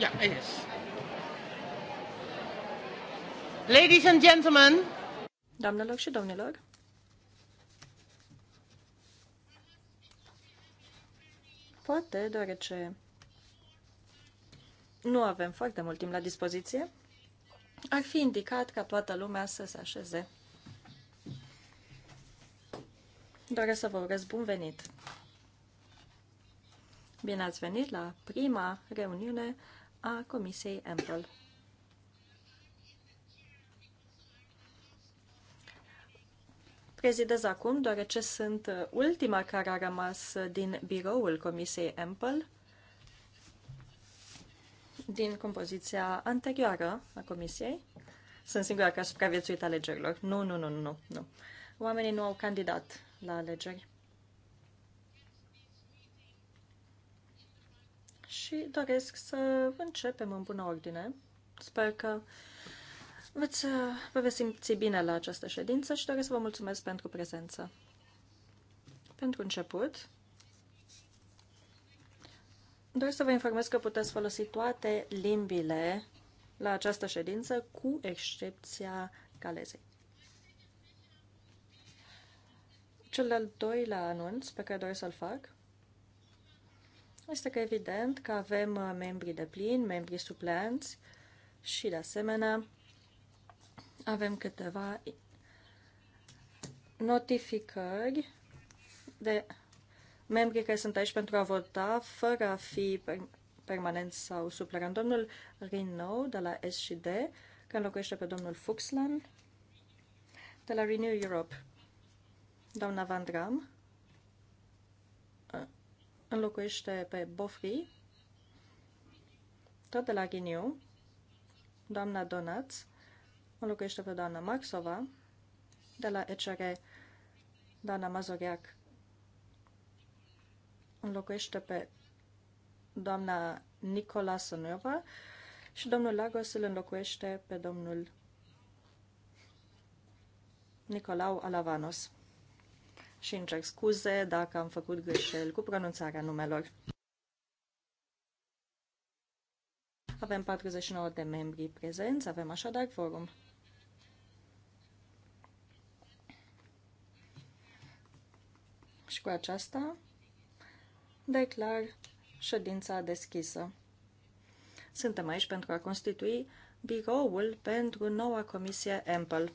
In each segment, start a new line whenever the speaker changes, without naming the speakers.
Yeah, it is. Ladies and gentlemen. Doamnelor și domnilor. Poate, deoarece nu avem foarte mult timp la dispoziție, ar fi indicat ca toată lumea să se așeze. Doresc să vă urez bun venit! Bine ați venit la prima reuniune a Comisiei Ample. Prezidez acum, deoarece sunt ultima care a rămas din biroul Comisiei Ample, din compoziția anterioară a Comisiei. Sunt singura care a supraviețuit alegerilor. Nu, nu, nu, nu, nu. Oamenii nu au candidat la alegeri. și doresc să începem în bună ordine. Sper că veți, vă veți simți bine la această ședință și doresc să vă mulțumesc pentru prezență. Pentru început, doresc să vă informez că puteți folosi toate limbile la această ședință, cu excepția galezei. Cel de-al doilea anunț pe care doresc să-l fac este că evident că avem uh, membrii de plin, membrii suplenți și, de asemenea, avem câteva notificări de membrii care sunt aici pentru a vota fără a fi permanent sau suplerant. Domnul Renault de la S&D, care înlocuiește pe domnul Fuxland de la Renew Europe. Doamna Van Dram, înlocuiește pe Bofri, tot de la Ghiniu, doamna Donaț, înlocuiește pe doamna Maxova, de la ECR, doamna Mazoriac, înlocuiește pe doamna Nicola Sănuiova și domnul Lagos îl înlocuiește pe domnul Nicolau Alavanos și îmi cer scuze dacă am făcut greșeli cu pronunțarea numelor. Avem 49 de membri prezenți, avem așadar forum. Și cu aceasta declar ședința deschisă. Suntem aici pentru a constitui biroul pentru noua comisie Ample.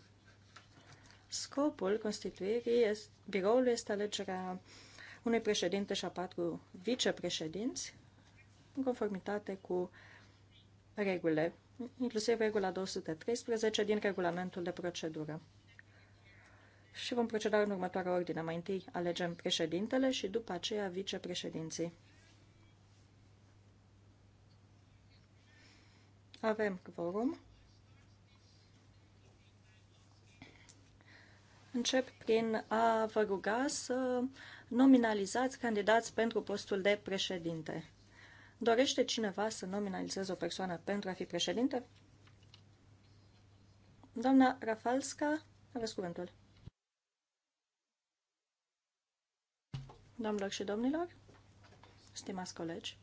Scopul constituirii biroului este alegerea unui președinte și a patru vicepreședinți, în conformitate cu regulile, inclusiv regula 213 din regulamentul de procedură. Și vom proceda în următoarea ordine. Mai întâi alegem președintele și după aceea vicepreședinții. Avem quorum. încep prin a vă ruga să nominalizați candidați pentru postul de președinte. Dorește cineva să nominalizeze o persoană pentru a fi președinte? Doamna Rafalska, aveți cuvântul. Doamnelor și domnilor, stimați colegi,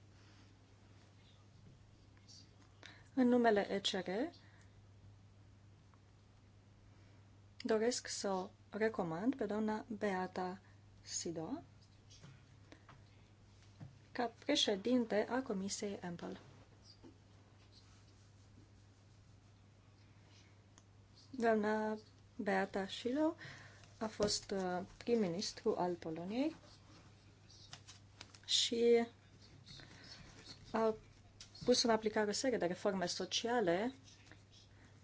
în numele ECR doresc să recomand pe doamna Beata Sido ca președinte a Comisiei Ample. Doamna Beata Silo a fost uh, prim-ministru al Poloniei și a pus în aplicare o serie de reforme sociale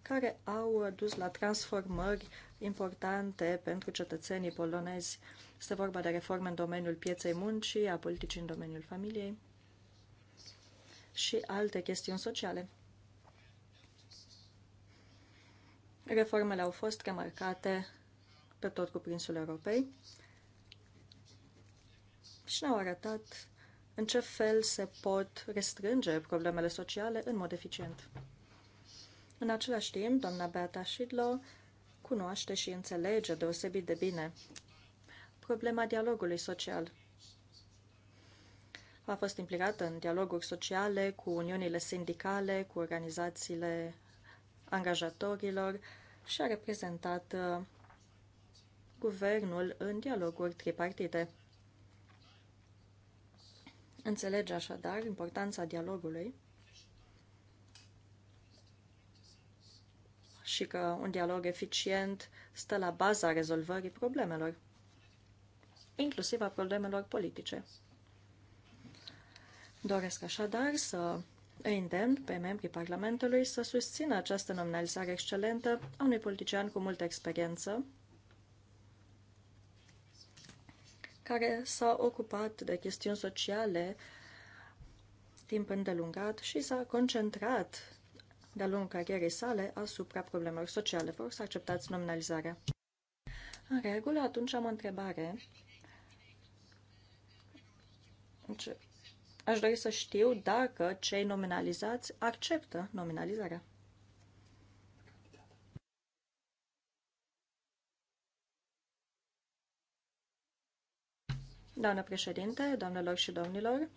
care au dus la transformări importante pentru cetățenii polonezi. Este vorba de reforme în domeniul pieței muncii, a politicii în domeniul familiei și alte chestiuni sociale. Reformele au fost remarcate pe tot cuprinsul Europei și ne-au arătat în ce fel se pot restrânge problemele sociale în mod eficient. În același timp, doamna Beata Schidlo cunoaște și înțelege deosebit de bine problema dialogului social. A fost implicată în dialoguri sociale cu uniunile sindicale, cu organizațiile angajatorilor și a reprezentat uh, guvernul în dialoguri tripartite. Înțelege așadar importanța dialogului și că un dialog eficient stă la baza rezolvării problemelor, inclusiv a problemelor politice. Doresc așadar să îi îndemn pe membrii Parlamentului să susțină această nominalizare excelentă a unui politician cu multă experiență, care s-a ocupat de chestiuni sociale timp îndelungat și s-a concentrat de-a lungul carierei sale asupra problemelor sociale. Vă rog să acceptați nominalizarea. În regulă, atunci am o întrebare. Deci, aș dori să știu dacă cei nominalizați acceptă nominalizarea. Doamnă președinte, doamnelor și domnilor,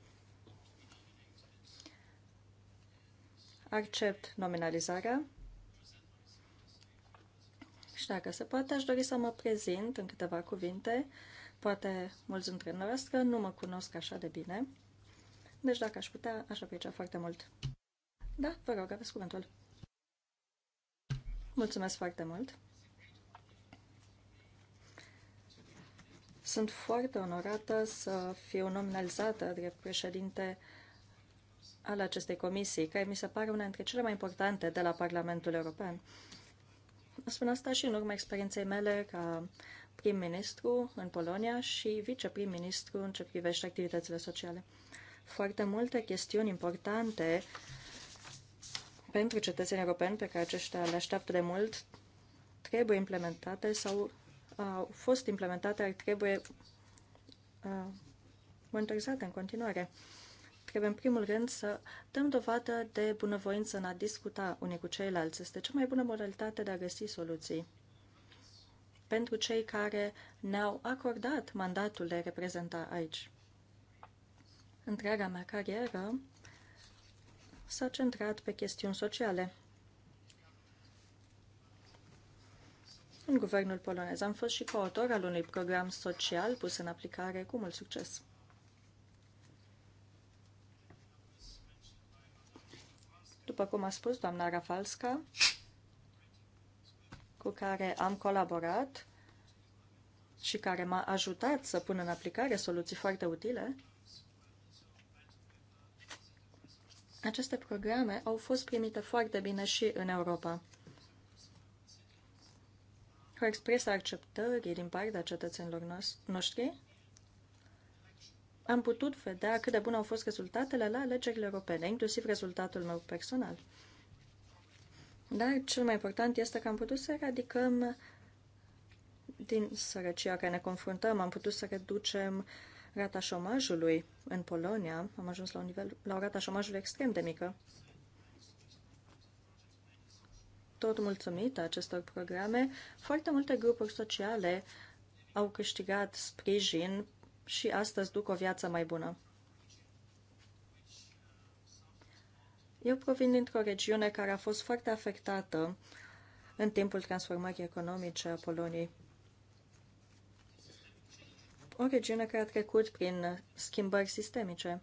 accept nominalizarea și dacă se poate, aș dori să mă prezint în câteva cuvinte. Poate mulți dintre noastre nu mă cunosc așa de bine, deci dacă aș putea, aș aprecia foarte mult. Da, vă rog, aveți cuvântul. Mulțumesc foarte mult! Sunt foarte onorată să fiu nominalizată drept președinte al acestei comisii, care mi se pare una dintre cele mai importante de la Parlamentul European. Spun asta și în urma experienței mele ca prim-ministru în Polonia și viceprim-ministru în ce privește activitățile sociale. Foarte multe chestiuni importante pentru cetățenii europeni pe care aceștia le așteaptă de mult trebuie implementate sau au fost implementate, ar trebuie uh, monitorizate în continuare. Trebuie în primul rând să dăm dovadă de bunăvoință în a discuta unii cu ceilalți. Este cea mai bună modalitate de a găsi soluții. Pentru cei care ne-au acordat mandatul de a reprezenta aici. Întreaga mea carieră s-a centrat pe chestiuni sociale. În guvernul polonez am fost și coautor al unui program social pus în aplicare cu mult succes. după cum a spus doamna Rafalska, cu care am colaborat și care m-a ajutat să pun în aplicare soluții foarte utile, aceste programe au fost primite foarte bine și în Europa. Cu expresa acceptării din partea cetățenilor noștri, am putut vedea cât de bune au fost rezultatele la alegerile europene, inclusiv rezultatul meu personal. Dar cel mai important este că am putut să eradicăm din sărăcia care ne confruntăm, am putut să reducem rata șomajului în Polonia, am ajuns la, un nivel, la o rata șomajului extrem de mică. Tot mulțumită acestor programe, foarte multe grupuri sociale au câștigat sprijin și astăzi duc o viață mai bună. Eu provin dintr-o regiune care a fost foarte afectată în timpul transformării economice a Poloniei. O regiune care a trecut prin schimbări sistemice.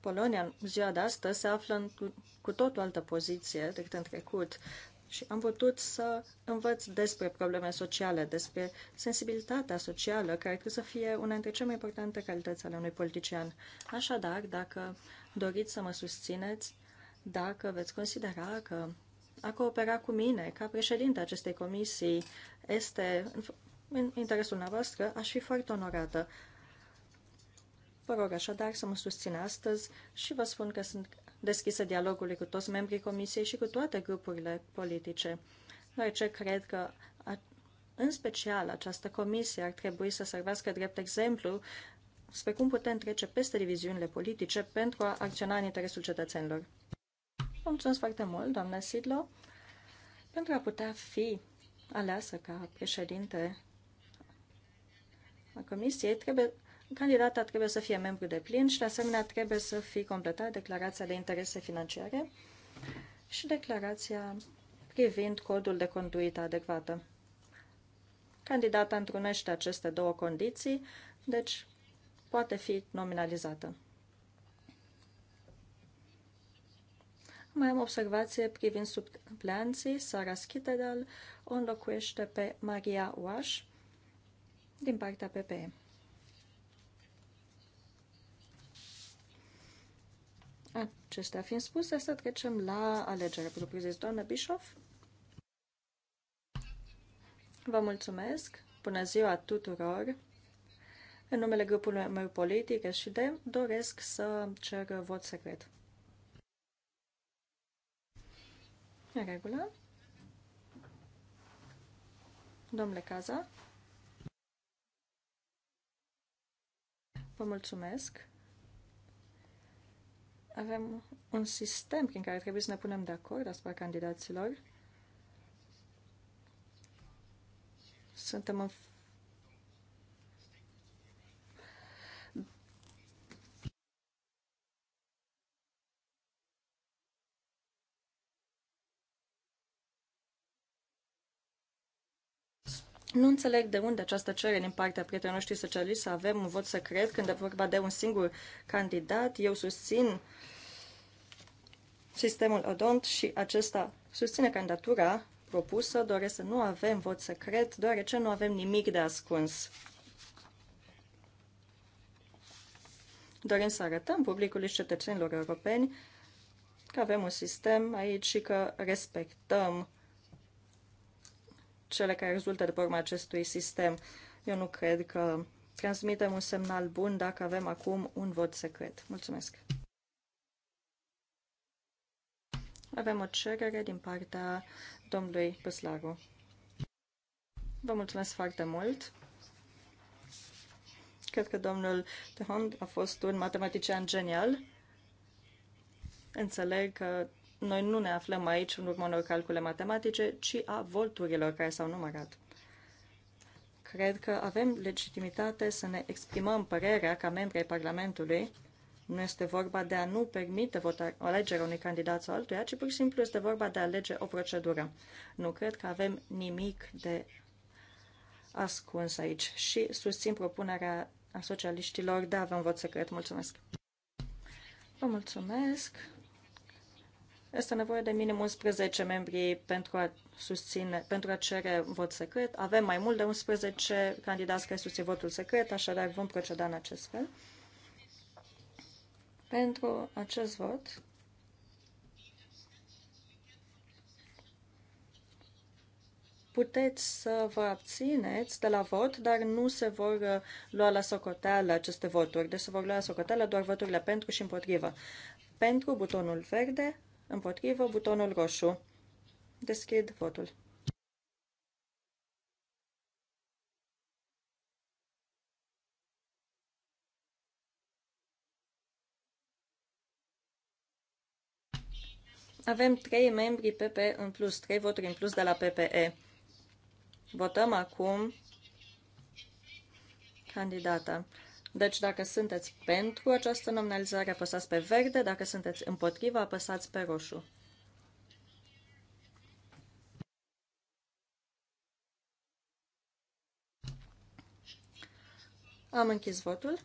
Polonia, în ziua de astăzi, se află în cu totul altă poziție decât în trecut și am putut să învăț despre probleme sociale, despre sensibilitatea socială, care trebuie să fie una dintre cele mai importante calități ale unui politician. Așadar, dacă doriți să mă susțineți, dacă veți considera că a coopera cu mine ca președinte acestei comisii este în interesul noastră, aș fi foarte onorată. Vă rog așadar să mă susțin astăzi și vă spun că sunt deschisă dialogului cu toți membrii Comisiei și cu toate grupurile politice. Noi ce cred că în special această comisie ar trebui să servească drept exemplu spre cum putem trece peste diviziunile politice pentru a acționa în interesul cetățenilor. mulțumesc foarte mult, doamna Sidlo, pentru a putea fi aleasă ca președinte a comisiei, trebuie Candidata trebuie să fie membru de plin și, de asemenea, trebuie să fie completat declarația de interese financiare și declarația privind codul de conduită adecvată. Candidata întrunește aceste două condiții, deci poate fi nominalizată. Mai am observație privind supleanții. Sara Schitedal o înlocuiește pe Maria Oaș din partea PPE. Acestea fiind spuse, să trecem la alegere pentru zis Doamna Bischoff? Vă mulțumesc. Bună ziua tuturor. În numele grupului meu politic, și de, doresc să cer vot secret. În regulă. Domnule Caza. Vă mulțumesc avem un sistem prin care trebuie să ne punem de acord asupra candidaților. Suntem în Nu înțeleg de unde această cerere din partea prietenilor noștri socialiști să avem un vot secret când e vorba de un singur candidat. Eu susțin sistemul Odont și acesta susține candidatura propusă. Doresc să nu avem vot secret, deoarece nu avem nimic de ascuns. Dorim să arătăm publicului și cetățenilor europeni că avem un sistem aici și că respectăm cele care rezultă de pe urma acestui sistem. Eu nu cred că transmitem un semnal bun dacă avem acum un vot secret. Mulțumesc! Avem o cerere din partea domnului Păslaru. Vă mulțumesc foarte mult! Cred că domnul Tehond a fost un matematician genial. Înțeleg că noi nu ne aflăm aici în urma unor calcule matematice, ci a volturilor care s-au numărat. Cred că avem legitimitate să ne exprimăm părerea ca membri ai Parlamentului. Nu este vorba de a nu permite vota, alegerea unui candidat sau altuia, ci pur și simplu este vorba de a alege o procedură. Nu cred că avem nimic de ascuns aici și susțin propunerea a socialiștilor de a avea un vot secret. Mulțumesc! Vă mulțumesc! Este nevoie de minim 11 membri pentru a, susține, pentru a cere vot secret. Avem mai mult de 11 candidați care susțin votul secret, așadar vom proceda în acest fel. Pentru acest vot, puteți să vă abțineți de la vot, dar nu se vor uh, lua la socoteală aceste voturi. Deci se vor lua la socoteală doar voturile pentru și împotrivă. Pentru butonul verde, Împotrivă, butonul roșu. Deschid votul. Avem trei membri PP în plus, trei voturi în plus de la PPE. Votăm acum candidata. Deci dacă sunteți pentru această nominalizare, apăsați pe verde, dacă sunteți împotriva, apăsați pe roșu. Am închis votul.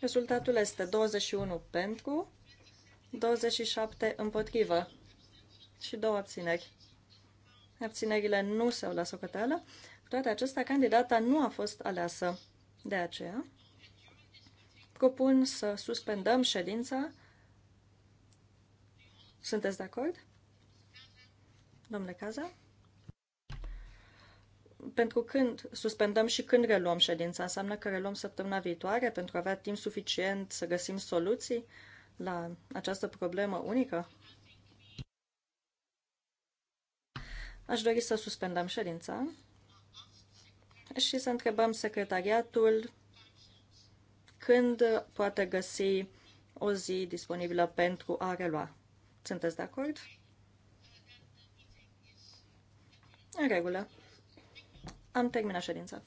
Rezultatul este 21 pentru, 27 împotrivă și două abțineri abținerile nu s-au la socoteală. Cu toate acestea, candidata nu a fost aleasă. De aceea, propun să suspendăm ședința. Sunteți de acord? Domnule Caza? Pentru când suspendăm și când reluăm ședința? Înseamnă că reluăm săptămâna viitoare pentru a avea timp suficient să găsim soluții la această problemă unică? Aș dori să suspendăm ședința și să întrebăm secretariatul când poate găsi o zi disponibilă pentru a relua. Sunteți de acord? În regulă. Am terminat ședința.